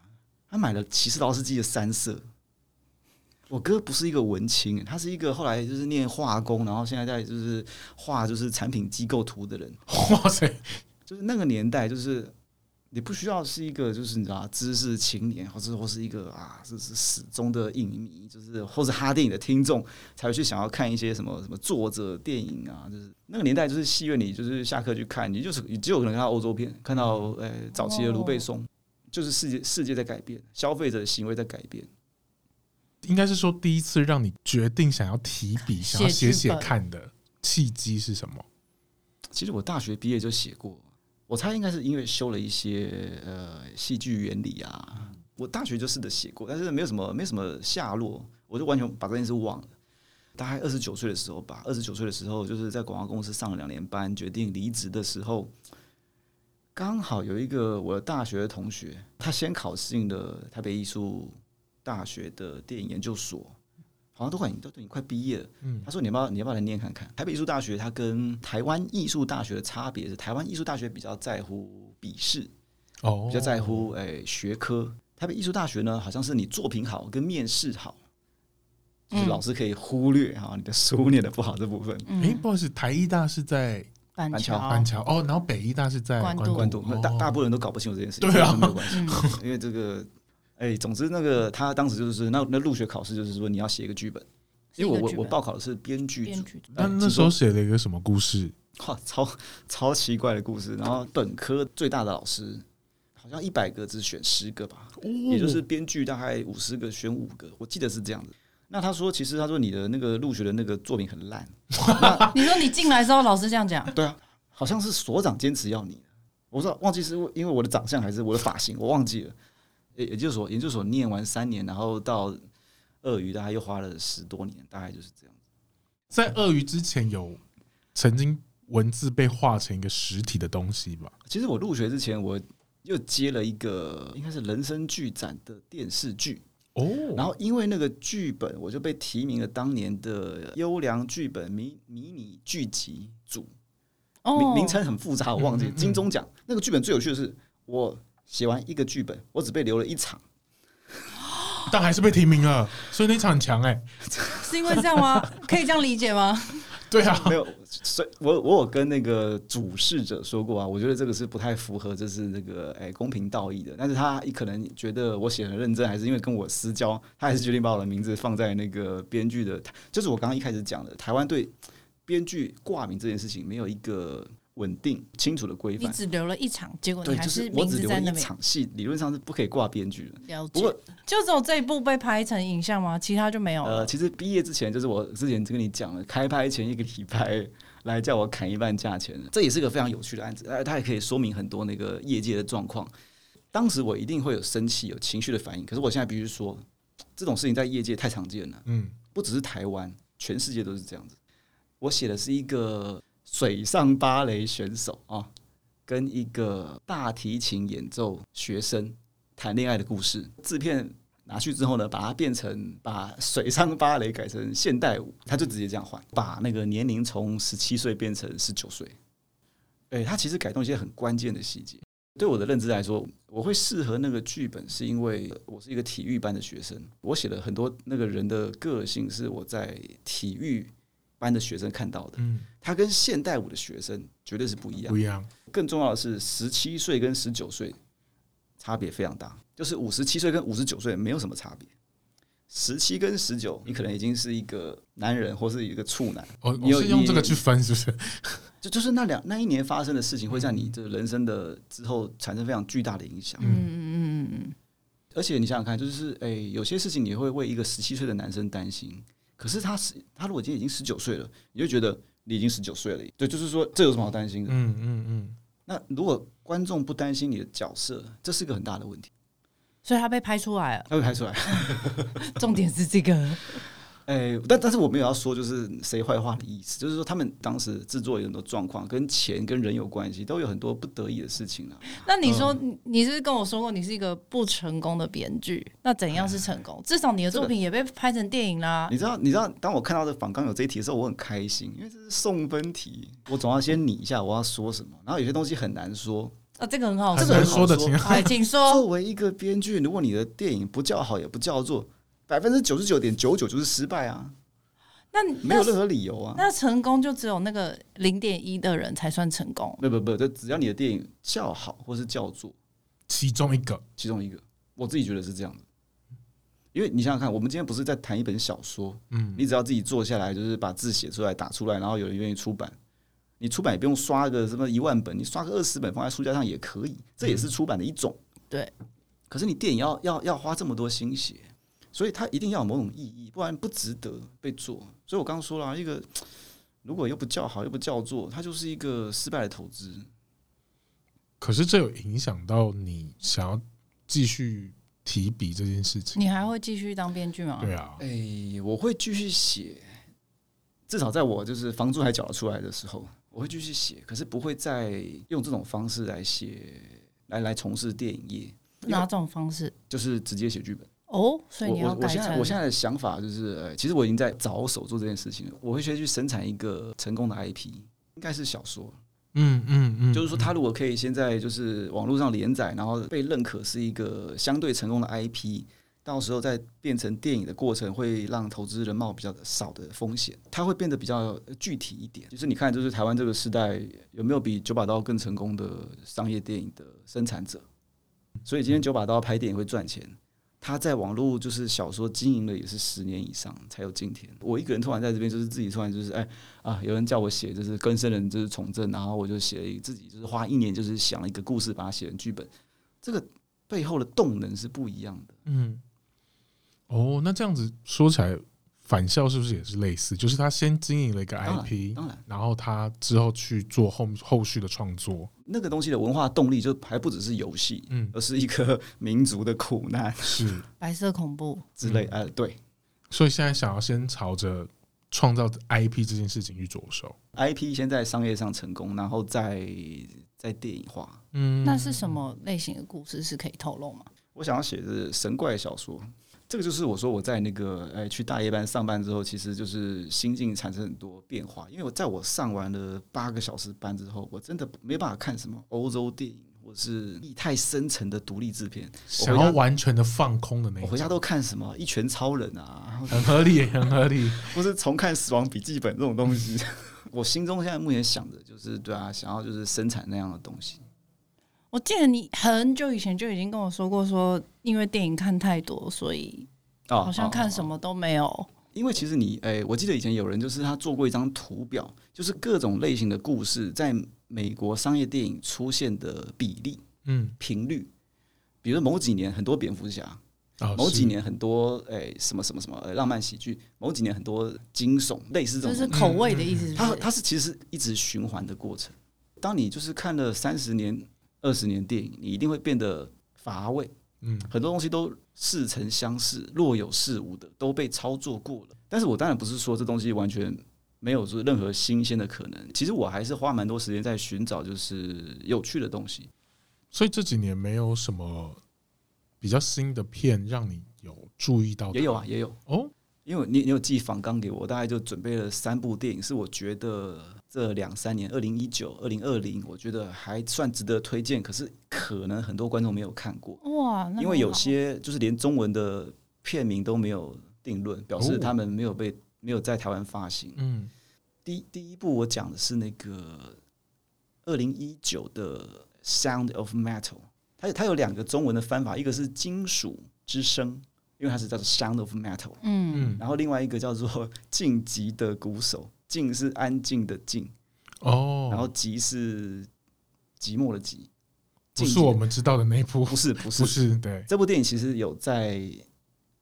他買了奇士勞斯基的三色。我哥不是一個文青，他是一個後來就是念化工，然後現在在就是畫就是產品機構圖的人。哇塞， 就是那個年代，就是你不需要是一個就是你知道嗎，知識青年，或者或是一個啊，就是死忠的影迷，就是或是哈電影的聽眾，才會去想要看一些什麼什麼作者電影啊。就是那個年代，就是戲院裡，就是下課去看，你就是你只有可能看到歐洲片，看到呃、欸、早期的盧貝松、哦。就是世界世界在改變，消費者的行為在改變。應該是說，第一次讓你決定想要提筆，想要寫寫看的契機是什麼？其實我大學畢業就寫過，我猜應該是因為修了一些呃戲劇原理啊。我大學就試着寫過，但是沒有什麼沒什麼下落，我就完全把這件事忘了。大概二十九歲的時候吧，二十九歲的時候就是在廣告公司上了兩年班，決定離職的時候，剛好有一個我的大學同學，他先考適應的台北藝術。大學的電影研究所好像都快，你都都已快畢業了、嗯。他說，你要不要，你要不要來念看看？台北藝術大學它跟台灣藝術大學的差別是，台灣藝術大學比較在乎筆試，哦，比較在乎哎、欸、學科。台北藝術大學呢，好像是你作品好跟面試好，嗯、就是、老師可以忽略哈、啊、你的書念的不好這部分。哎、嗯欸，不好意思，台藝大是在板橋，板橋哦，然後北藝大是在關渡關渡，關渡哦、大大部分人都搞不清楚這件事情，對啊，沒有關係嗯、 因為這個。哎、欸，總之，那個他當時就是那那入學考試，就是說你要寫一個劇本。因為我我我報考的是編劇組。編劇組、欸、那那時候寫了一個什麼故事？哈，超超奇怪的故事。然後本科最大的老師，好像一百個只選十個吧、哦，也就是編劇大概五十個選五個，我記得是這樣子。那他說，其實他說你的那個入學的那個作品很爛 你說你進來之後，老師這樣講？對啊，好像是所長堅持要你。我說忘記是因為我的長相還是我的髮型，我忘記了。也就是說研究所念完三年，然後到鱷魚，大概又花了十多年，大概就是這樣子。在鱷魚之前，有曾經文字被畫成一個實體的東西吧？其實我入學之前，我又接了一個應該是人生劇展的電視劇哦，然後因為那個劇本，我就被提名了當年的優良劇本迷迷你劇集組哦，名名稱很複雜，我忘記，嗯嗯嗯，金鐘獎那個劇本最有趣的是我寫完一個劇本，我只被留了一場，但還是被提名了，所以那場很強哎、欸， 是因為這樣嗎？可以這樣理解嗎？對啊，沒有，所以我我有跟那個主事者說過啊，我覺得這個是不太符合就是那個哎、欸、公平道義的，但是他可能覺得我寫的很認真，還是因為跟我私交，他還是決定把我的名字放在那個編劇的，就是我剛剛一開始講的，台灣對編劇掛名這件事情沒有一個。穩定、清楚的規範，你只留了一場，結果你還是名字在那、就是、我只留了一場戲，理論上是不可以掛編劇的。就就只有這一部被拍成影像嗎？其他就沒有了。了、呃。其實畢業之前就是我之前跟你講了，開拍前一個禮拜來叫我砍一半價錢，這也是一個非常有趣的案子。它也可以說明很多那個業界的狀況。當時我一定會有生氣、有情緒的反應。可是我現在必須說，比如說這種事情在業界太常見了，嗯，不只是台灣，全世界都是這樣子。我寫的是一個。水上芭蕾選手啊，跟一個大提琴演奏學生談戀愛的故事，製片拿去之後呢，把它變成把水上芭蕾改成現代舞，他就直接這樣換，把那個年齡從十七歲變成十九歲。誒，他其實改動一些很關鍵的細節。對我的認知來說，我會適合那個劇本，是因為我是一個體育班的學生，我寫了很多那個人的個性是我在體育。班的學生看到的，他跟現代舞的學生絕對是不一樣，不一樣。更重要的是，十七歲跟十九歲差別非常大，就是五十七歲跟五十九歲沒有什麼差別。十七跟十九，你可能已經是一個男人，或是一個處男。哦，你用這個去分，是不是？就就是那兩那一年發生的事情，會在你這個人生的之後產生非常巨大的影響。嗯嗯嗯嗯嗯。而且你想想看，就是誒、欸，有些事情你會為一個十七歲的男生擔心。可是他是他，如果今天已經十九歲了，你就覺得你已經十九歲了，對，就是說這有什麼好擔心的？嗯嗯嗯。那如果觀眾不擔心你的角色，這是個很大的問題。所以他被拍出來了。他被拍出來 重點是這個。哎、欸，但但是我沒有要說就是誰壞話的意思，就是說他們當時制作有很多狀況，跟錢跟人有關係，都有很多不得已的事情啊。那你說、嗯，你是跟我說過你是一個不成功的編劇，那怎樣是成功？至少你的作品也被拍成電影啦。這個、你知道，你知道，當我看到這訪綱有這一題的時候，我很開心，因為這是送分題。我總要先擬一下我要說什麼，然後有些東西很難說啊。這個很好說說，這個很好說，還說的挺好，請說。作為一個編劇，如果你的電影不叫好，也不叫座。百分之九十九點九九就是失敗啊！那沒有任何理由啊！那成功就只有那個零點一的人才算成功。不不不，對，只要你的電影叫好或是叫座其中一個，其中一個，我自己覺得是這樣的。因為你想想看，我們今天不是在談一本小說？嗯，你只要自己坐下來，就是把字寫出來、打出來，然後有人願意出版，你出版也不用刷個什麼一萬本，你刷個二十本放在書架上也可以，這也是出版的一種。對。可是你電影要要要花這麼多心血。所以它一定要有某種意義，不然不值得被做。所以我剛剛說了一個，如果又不叫好又不叫座，它就是一個失敗的投資。可是這有影響到你想要繼續提筆這件事情？你還會繼續當編劇嗎？對啊，哎、欸，我會繼續寫，至少在我就是房租還繳得出來的時候，我會繼續寫。可是不會再用這種方式來寫，來來從事電影業。哪種方式？就是直接寫劇本。哦、oh，所以你要改。我我現在我現在的想法就是，其實我已經在着手做這件事情了。我會先去生產一個成功的 IP，應該是小說。嗯嗯嗯，就是說，他如果可以先在就是網絡上連載，然後被認可是一個相對成功的 IP，到時候再變成電影的過程，會讓投資人冒比較少的風險。它會變得比較具體一點。就是你看，就是台灣這個時代有沒有比九把刀更成功的商業電影的生產者？所以今天九把刀拍電影會賺錢。他在網絡就是小說經營了也是十年以上才有今天。我一個人突然在這邊就是自己突然就是哎啊，有人叫我寫就是《更生人》就是從政，然後我就寫了一個自己就是花一年就是想了一個故事把它寫成劇本，這個背後的動能是不一樣的。嗯，哦，那這樣子說起來。返校是不是也是類似？就是他先經營了一個 IP，當然，當然，然後他之後去做後後續的創作。那個東西的文化動力就還不只是遊戲，嗯，而是一個民族的苦難，是白色恐怖之類。呃、嗯啊，對，所以現在想要先朝着創造 IP 這件事情去着手，IP 先在商業上成功，然後再在電影化。嗯，那是什麼類型的故事是可以透露嗎？我想要寫的是神怪的小說。這個就是我說我在那個哎、欸、去大夜班上班之後，其實就是心境產生很多變化。因為我在我上完了八個小時班之後，我真的沒辦法看什麼歐洲電影或是意態深沉的獨立製片，想要完全的放空的那種。我回家都看什麼？一拳超人啊。很合理，很合理。 不是重看《死亡筆記本》這種東西。 我心中現在目前想的就是，對啊，想要就是生產那樣的東西。我記得你很久以前就已經跟我說過，說因為電影看太多，所以好像看什麼都沒有、哦哦哦哦。因為其實你，哎、欸，我記得以前有人就是他做過一張圖表，就是各種類型的故事在美國商業電影出現的比例、嗯，頻率。比如說某幾年很多蝙蝠俠、哦，某幾年很多哎、欸、什麼什麼什麼、欸、浪漫喜劇，某幾年很多驚悚，類似這種。就是口味的意思是不是？、嗯嗯嗯。它它是其實一直循環的過程。當你就是看了三十年。二十年電影，你一定會變得乏味。嗯，很多東西都似曾相識，若有似無的都被操作過了。但是我當然不是說這東西完全沒有任何新鮮的可能。其實我還是花蠻多時間在尋找就是有趣的東西。所以這幾年沒有什麼比較新的片讓你有注意到？也有啊，也有哦。因為你你有寄訪綱給我，我大概就準備了三部電影，是我覺得。這兩三年，二零一九、二零二零，我覺得還算值得推薦。可是可能很多觀眾沒有看過，哇那！因為有些就是連中文的片名都沒有定論，表示他們沒有被、哦、沒有在台灣發行。嗯、第第一部我講的是那個二零一九的《Sound of Metal》，它它有兩個中文的翻法，一個是《金屬之聲》，因為它是叫做《Sound of Metal》。嗯，然後另外一個叫做《靜寂的鼓手》。靜是安靜的靜，哦、oh，然後寂是寂寞的寂，不是我們知道的那部，不是不是不是，對，這部電影其實有在，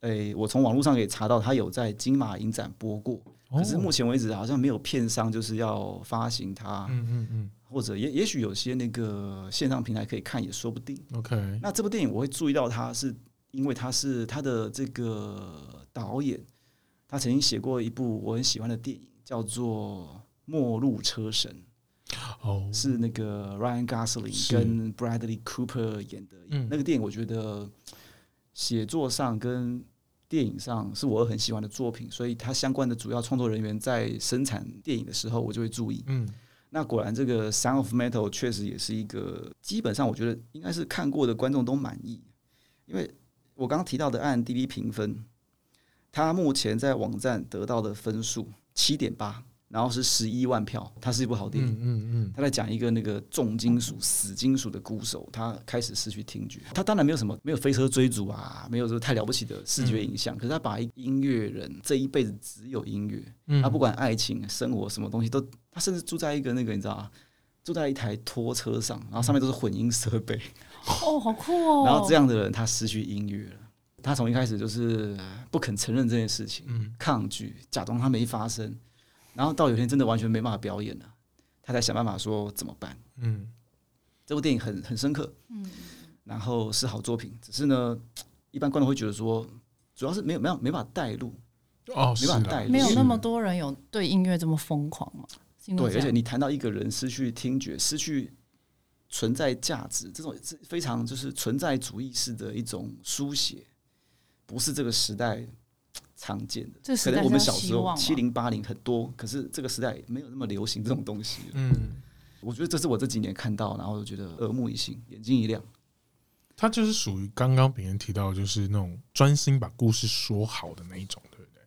哎、欸，我從網絡上可以查到，他有在金馬影展播過，可是目前為止好像沒有片商就是要發行它，嗯嗯嗯，或者也也許有些那個線上平台可以看也說不定，OK，那這部電影我會注意到它是因為他是他的這個導演，他曾經寫過一部我很喜歡的電影。叫做《末路車神》，哦、oh,，是那個 Ryan Gosling 跟 Bradley Cooper 演的演、嗯、那個電影。我覺得寫作上跟電影上是我很喜歡的作品，所以它相關的主要創作人員在生產電影的時候，我就會注意。嗯，那果然這個《Sound of Metal》確實也是一個基本上我覺得應該是看過的觀眾都滿意，因為我剛剛提到的 IMDB 評分，它目前在網站得到的分數，七點八，然後是十一萬票，他是一部好電影，嗯嗯嗯。他在講一個那個重金屬、死金屬的鼓手，他開始失去聽覺。他當然沒有什麼沒有飛車追逐啊，沒有說太了不起的視覺影像。嗯、可是他把音樂人這一輩子只有音樂、嗯，他不管愛情、生活什麼東西都，他甚至住在一個那個你知道嗎？住在一台拖車上，然後上面都是混音設備。嗯、 哦，好酷哦！然後這樣的人，他失去音樂了。他從一開始就是不肯承認這件事情，嗯、抗拒，假裝他沒發生，然後到有天真的完全沒辦法表演了，啊，他才想辦法說怎麼辦。嗯，這部電影很很深刻，嗯，然後是好作品，只是呢，一般觀眾會覺得說，主要是沒有沒有沒辦法帶入，哦，沒辦法帶入，哦啊，沒有那麼多人有對音樂這麼瘋狂嘛？對，而且你談到一個人失去聽覺、失去存在價值這種非常就是存在主義式的一種書寫。不是這個時代常見的，可能我們小時候七零八零很多，可是這個時代沒有那麼流行這種東西。嗯，我覺得這是我這幾年看到，然後就覺得耳目一新，眼睛一亮。他就是屬於剛剛別人提到，就是那種專心把故事說好的那一種，對不對？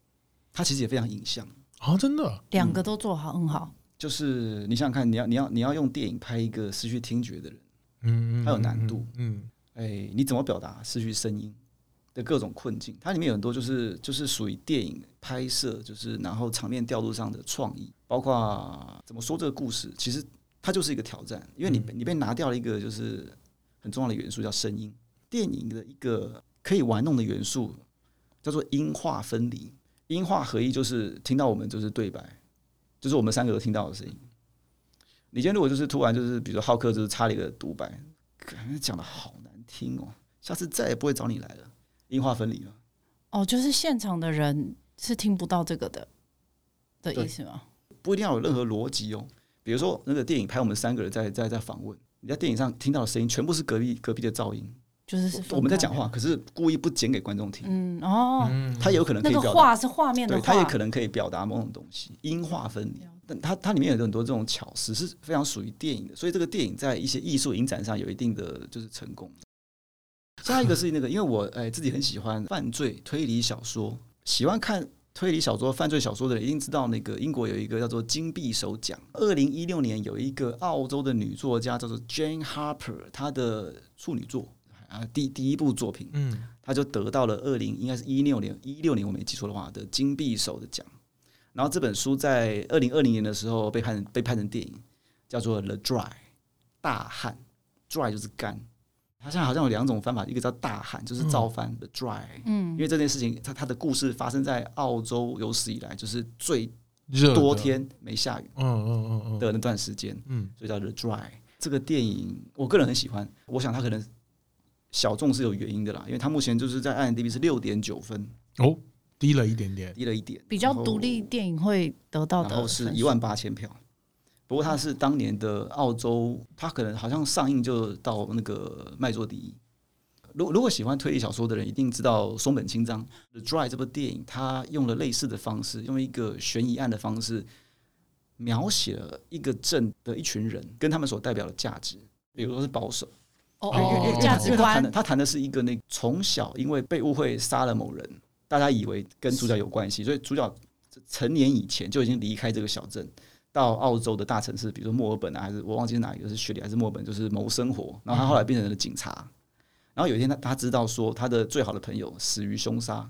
他其實也非常影像啊，真的，兩個都做好很好。就是你想想看，你要你要你要用電影拍一個失去聽覺的人，嗯嗯，他有難度，嗯，哎，你怎麼表達失去聲音？的各種困境，它裡面有很多就是就是屬於電影拍攝，就是然後場面調度上的創意，包括怎麼說這個故事，其實它就是一個挑戰，因為你你被拿掉了一個就是很重要的元素，叫聲音。電影的一個可以玩弄的元素叫做音畫分離，音畫合一就是聽到我們就是對白，就是我們三個都聽到的聲音。你今天如果就是突然就是，比如說浩克就是插了一個獨白，可能講得好難聽哦，下次再也不會找你來了。音畫分離了，哦，就是現場的人是聽不到這個的的意思嗎？不一定要有任何邏輯哦。比如說那個電影拍我們三個人在在在訪問，你在電影上聽到的聲音全部是隔壁隔壁的噪音，就是，是我，我們在講話，可是故意不剪給觀眾聽。嗯哦，嗯，它有可能可以那個畫是畫面的畫對，它也可能可以表達某種東西。音畫分離，嗯嗯，但它它裡面有很多這種巧思，是非常屬於電影的。所以這個電影在一些藝術影展上有一定的就是成功。下一個是那個，因為我誒、欸、自己很喜歡犯罪推理小說，喜歡看推理小說、犯罪小說的人，一定知道那個英國有一個叫做金匕首獎。二零一六年有一個澳洲的女作家叫做 Jane Harper，她的處女作啊第第一部作品，嗯，她就得到了二零應該是一六年一六年我沒記錯的話的金匕首的獎。然後這本書在二零二零年的時候被判被拍成電影，叫做 The Dry 大旱，Dry 就是乾。他現在好像有兩種方法，一個叫大旱，就是造反的 dry。嗯，因為這件事情，他他的故事發生在澳洲有史以來就是最多天沒下雨，嗯嗯嗯的那段時間、嗯，嗯，所以叫 the dry。這個電影我個人很喜歡，我想他可能小眾是有原因的啦，因為他目前就是在 IMDB 是六點九分，哦，低了一點點，低了一點，比較獨立電影會得到，然後是一萬八千票。不過，他是當年的澳洲，他可能好像上映就到那個賣座第一。如果如果喜歡推理小說的人，一定知道松本清張《The Dry》這部電影，他用了類似的方式，用一個懸疑案的方式，描寫了一個鎮的一群人跟他們所代表的價值，比如說是保守，價、哦、值、哦欸欸、他談、哦、的，他談的是一個那從、個、小因為被誤會殺了某人，大家以為跟主角有關係，所以主角成年以前就已經離開這個小鎮。到澳洲的大城市，比如說墨爾本啊，還是我忘記是哪一個是雪梨還是墨爾本，就是謀生活。然後他後來變成了警察，嗯、然後有一天他他知道說他的最好的朋友死於凶殺，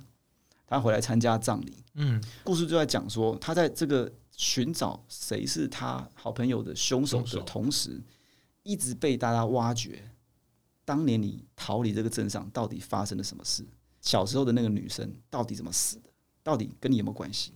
他回來參加葬禮。嗯，故事就在講說他在這個尋找誰是他好朋友的凶手的同時，一直被大家挖掘。當年你逃離這個鎮上，到底發生了什麼事？小時候的那個女生到底怎麼死的？到底跟你有沒有關係？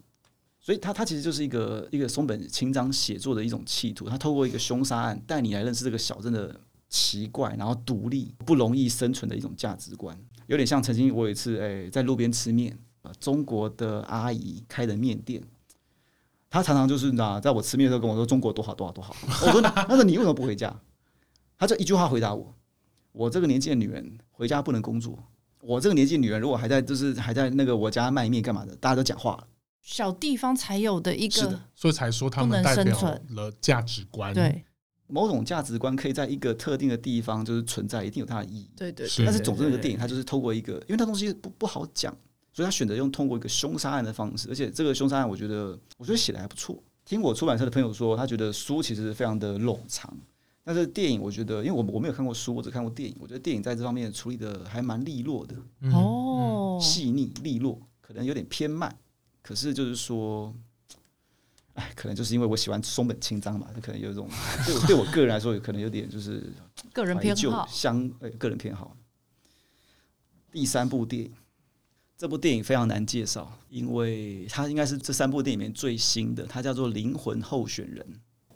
所以，他他其實就是一個一個松本清張寫作的一種企圖。他透過一個兇殺案帶你來認識這個小鎮的奇怪，然後獨立、不容易生存的一種價值觀。有點像曾經我有一次，誒、欸，在路邊吃麵，啊，中國的阿姨開的麵店，他常常就是你知道，在我吃麵的時候跟我說：“中國多好，多好，多好。”我說：“那，那你為什麼不回家？”他 就一句話回答我：“我這個年紀的女人回家不能工作。我這個年紀女人如果還在，就是還在那個我家賣麵幹嘛的，大家都講話小地方才有的一個，所以才說他們代表了價值觀。對，某種價值觀可以在一個特定的地方就是存在，一定有它的意義。對對，但是總之，那個電影它就是透過一個，因為它東西不不好講，所以他選擇用通過一個凶殺案的方式。而且這個凶殺案，我覺得我覺得寫的還不錯。聽我出版社的朋友說，他覺得書其實非常的冗長，但是電影我覺得，因為我我沒有看過書，我只看過電影，我覺得電影在這方面處理的還蠻利落的。哦，細膩利落，可能有點偏慢。可是，就是說，哎，可能就是因為我喜歡松本清張嘛，他可能有一種對我 對我個人來說，有可能有點就是就個人偏好相、欸、個人偏好。第三部電影，這部電影非常難介紹，因為它應該是這三部電影裡面最新的。它叫做《靈魂候選人》，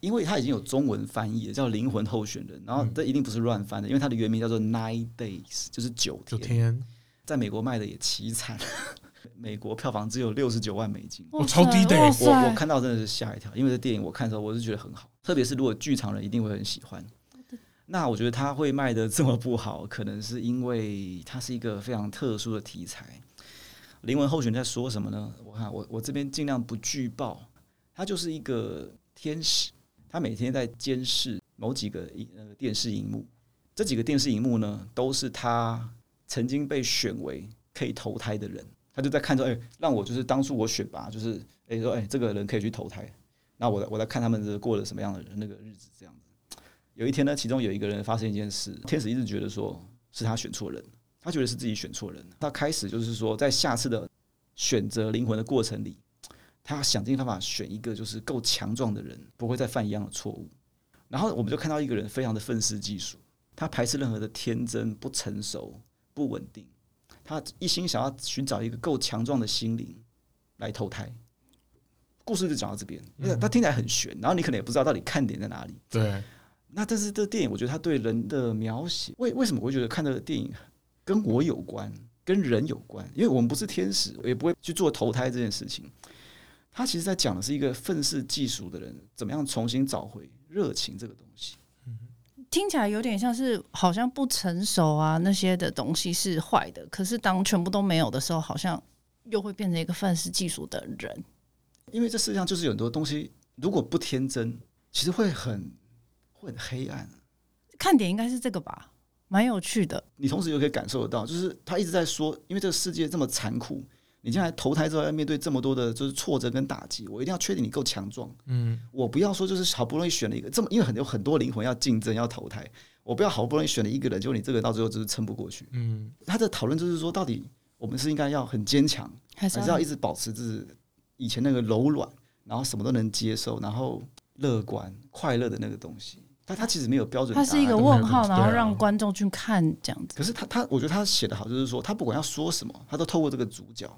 因為它已經有中文翻譯，叫《靈魂候選人》。然後這一定不是亂翻的、嗯，因為它的原名叫做《Nine Days》，就是九天，九天，在美國賣的也淒慘。美國票房只有六十九萬美金，哦、oh,，超低的。我我看到真的是嚇一跳，因為這電影我看的時候，我是覺得很好，特別是如果劇場人一定會很喜歡。那我覺得他會賣得這麼不好，可能是因為它是一個非常特殊的題材。靈魂候選人在說什麼呢？我看我我這邊儘量不劇報，他就是一個天使，他每天在監視某幾個呃電視熒幕，這幾個電視熒幕呢，都是他曾經被選為可以投胎的人。他就在看着，哎、欸，讓我就是當初我選拔，就是，哎、欸、說，哎、欸，這個人可以去投胎，那我來，我來看他們這過了什麼樣的人那個日子，這樣。有一天呢，其中有一個人發生一件事，天使一直覺得說是他選錯人，他覺得是自己選錯人。他開始就是說，在下次的選擇靈魂的過程裡，他想盡辦法選一個就是夠強壯的人，不會再犯一樣的錯誤。然後我們就看到一個人非常的憤世嫉俗，他排斥任何的天真、不成熟、不穩定。他一心想要尋找一個夠強壯的心靈來投胎，故事就講到這邊。因為他聽起來很玄，然後你可能也不知道到底看點在哪裡。對，那但是這個電影，我覺得他對人的描寫，為為什麼我會覺得看這個電影跟我有關、跟人有關？因為我們不是天使，我也不會去做投胎這件事情。他其實在講的是一個憤世嫉俗的人，怎麼樣重新找回熱情這個東西。聽起來有點像是好像不成熟啊，那些的東西是壞的。可是當全部都沒有的時候，好像又會變成一個憤世嫉俗的人。因為這世界上就是有很多東西，如果不天真，其實會很會很黑暗。看點應該是這個吧？蠻有趣的。你同時又可以感受得到，就是他一直在說，因為這個世界這麼殘酷。你將來投胎之後要面對這麼多的就是挫折跟打擊，我一定要確定你夠強壯。嗯，我不要說就是好不容易選了一個這麼，因為有很多很多靈魂要競爭要投胎，我不要好不容易選了一個人，結果你這個到最後就是撐不過去。嗯，他的討論就是說，到底我們是應該要很堅強，還是要一直保持就是以前那個柔軟，然後什麼都能接受，然後樂觀快樂的那個東西？他他其實沒有標準答案，他是一個問號，啊、然後讓觀眾去看這樣子。可是他他我覺得他寫得好，就是說他不管要說什麼，他都透過這個主角。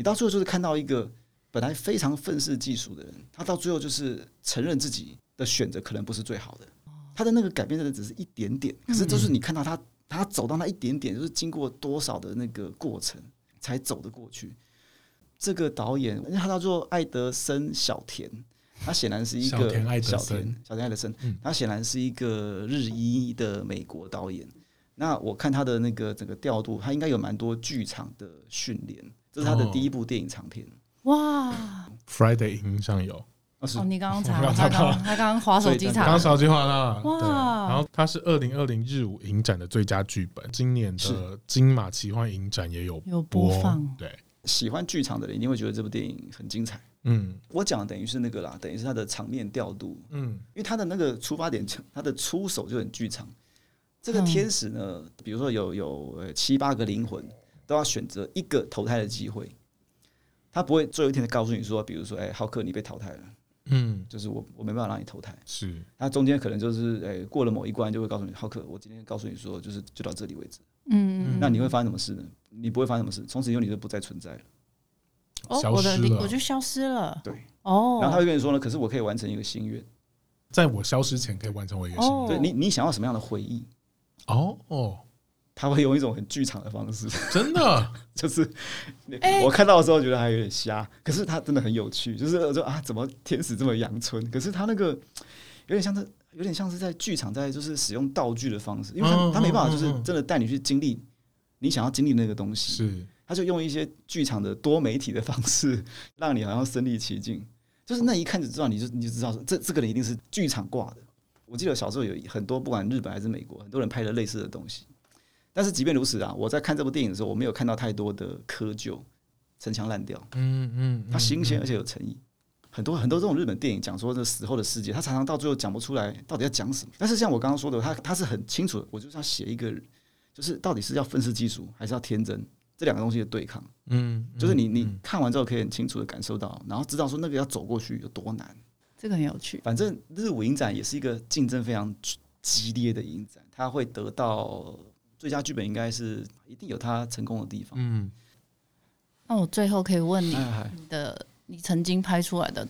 你到最後就是看到一個本來非常憤世嫉俗的人，他到最後就是承認自己的選擇可能不是最好的。他的那個改變的只是一點點，可是就是你看到他，他走到那一點點，就是經過多少的那個過程才走得過去。這個導演，因為他叫做愛德森小田，他顯然是一個小田愛德森、小田愛德森、小田愛德森，嗯，他顯然是一個日裔的美國導演。那我看他的那個整個調度，他應該有蠻多劇場的訓練。這是他的第一部電影長片，哦、哇！Friday 影音有，哦，哦你剛剛查到， 剛他剛剛滑手機查，剛剛手機滑了哇！然後它是二零二零日舞影展的最佳劇本，本，今年的金馬奇幻影展也有播有播放。對，喜歡劇場的人一定會覺得這部電影很精彩。嗯，我講的等於是那個啦，等於是他的場面調度，嗯，因為他的那個出發點，他的出手就很劇場。這個天使呢，嗯、比如說有有呃七八個靈魂。都要選擇一個投胎的機會，他不會最後一天的告訴你說，比如說，哎、欸，浩克，你被淘汰了，嗯，就是我，我沒辦法讓你投胎，是。他中間可能就是，哎、欸，過了某一關，就會告訴你，浩克，我今天告訴你說，就是就到這裡為止，嗯，那你會發生什麼事呢？你不會發生什麼事，從此以後你就不再存在了，消失了，我就消失了，對，哦。然後他會跟你說呢，可是我可以完成一個心願，在我消失前可以完成我一個心願、哦，對，你你想要什麼樣的回憶？哦哦。他會用一種很劇場的方式，真的 就是，我看到的時候覺得還有點瞎。可是他真的很有趣，就是我說啊，怎麼天使這麼陽春？可是他那個有點像是有點像是在劇場，在就是使用道具的方式，因為他他沒辦法就是真的帶你去經歷你想要經歷那個東西。是，他就用一些劇場的多媒體的方式，讓你好像身臨其境。就是那一看就知道，你就你就知道說這這個人一定是劇場掛的。我記得小時候有很多，不管日本還是美國，很多人拍的類似的東西。但是即便如此啊，我在看這部電影的時候，我沒有看到太多的窠臼、陳腔濫調，嗯嗯，嗯，它新鮮而且有誠意、嗯嗯。很多很多這種日本電影講說這死後的世界，它常常到最後講不出來到底要講什麼。但是像我剛剛說的，他他是很清楚的，我就是要寫一個，就是到底是要憤世嫉俗，還是要天真，這兩個東西的對抗。嗯，嗯就是你你看完之後可以很清楚的感受到，然後知道說那個要走過去有多難。這個很有趣。反正日舞影展也是一個競爭非常激烈的影展，它會得到。最佳劇本應該是一定有他成功的地方。嗯，嗯，那我最後可以問你，唉唉你的你曾經拍出來的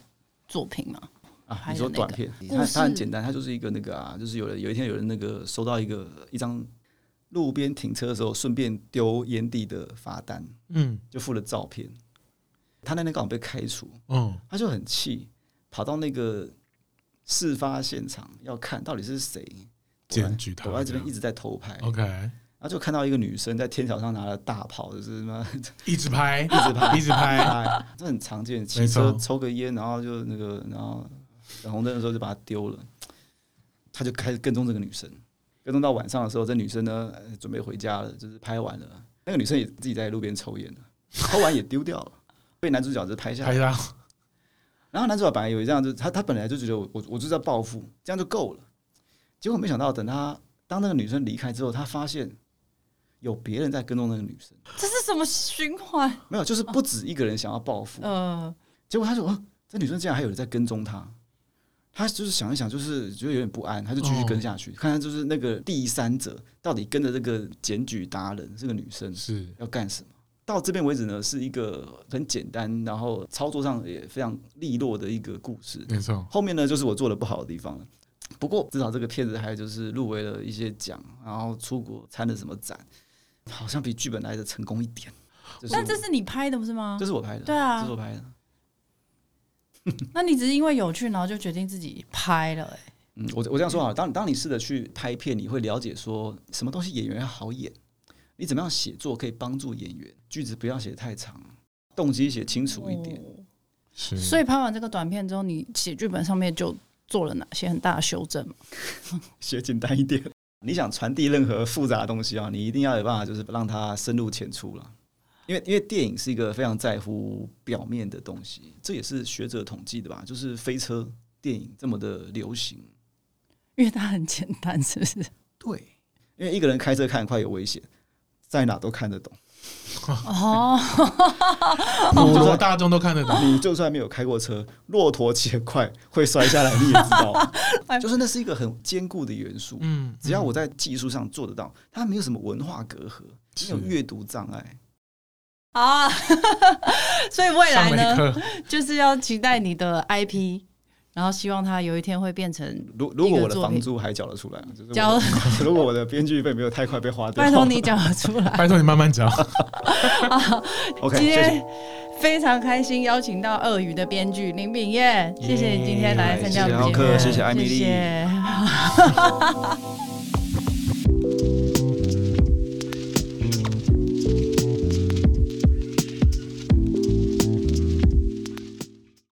作品嗎？啊，還是說短片？那個，它它很簡單，它就是一個那個啊，就是有人有一天有人那個收到一個一張路邊停車的時候順便丟煙蒂的罰單，嗯，嗯，就附了照片。他那天剛好被開除，嗯，嗯，他就很氣，跑到那個事發現場要看到底是誰檢舉他，我在這邊一直在偷拍，OK。然、啊、後就看到一個女生，在天橋上拿了大炮，就是什麼一直拍， 一直拍，一直拍， 一直拍，這很常見。騎車抽個菸，然後就那個，然後等紅燈的時候就把它丟了。他就開始跟蹤這個女生，跟蹤到晚上的時候，這女生呢準備回家了，就是拍完了。那個女生也自己在路邊抽菸了，抽完也丟掉了， 被男主角就拍下來了。然後男主角本來以為這樣，就他他本來就覺得我我我就是要報復，這樣就夠了。結果沒想到，等他當那個女生離開之後，他發現。有別人在跟蹤那個女生，這是什麼循環？沒有，就是不止一個人想要報復。嗯、哦呃，結果他說、啊，這女生竟然還有人在跟蹤他，他就是想一想，就是覺得有點不安，他就繼續跟下去，哦、看看就是那個第三者到底跟着這個檢舉達人這個女生是要幹什麼。到這邊為止呢，是一個很簡單，然後操作上也非常利落的一個故事。沒錯，後面呢就是我做的不好的地方了。不過至少這個片子還有就是入圍了一些獎，然後出國參了什麼展。好像比劇本來的成功一點。那、就是，這是你拍的不是嗎？這是我拍的。對啊，這是我拍的。 那你只是因為有趣，然後就決定自己拍了，欸？嗯，我我這樣說啊，當你當你試着去拍片，你會了解說什麼東西演員要好演，你怎麼樣寫作可以幫助演員？句子不要寫太長，動機寫清楚一點、oh。所以拍完這個短片之後，你寫劇本上面就做了哪些很大的修正？寫 簡單一點。你想傳遞任何複雜的東西啊，你一定要有辦法，就是讓它深入淺出了。因為因為電影是一個非常在乎表面的東西，這也是學者統計的吧？就是飛車電影這麼的流行，因為它很簡單，是不是？對，因為一個人開車開很快有危險，在哪都看得懂。哦 就算，我大眾都看得懂。你就算沒有開過車，駱駝騎得快會摔下來，你也知道。 就是那是一個很堅固的元素。 只要我在技術上做得到，它沒有什麼文化隔閡，沒有閱讀障礙。啊，所以未來呢，就是要期待你的 IP。然後希望他有一天會變成。如如果，我的房租還繳得出來，就是 如果我的編劇費沒有太快被花掉。 拜托你繳得出來。 拜托你慢慢繳 好。o Okay , k 今天非常開心邀請到鱷《鱷魚》的編劇林秉彥，謝謝你今天來參加我們的節目 yeah, 謝謝。謝謝艾米麗。謝謝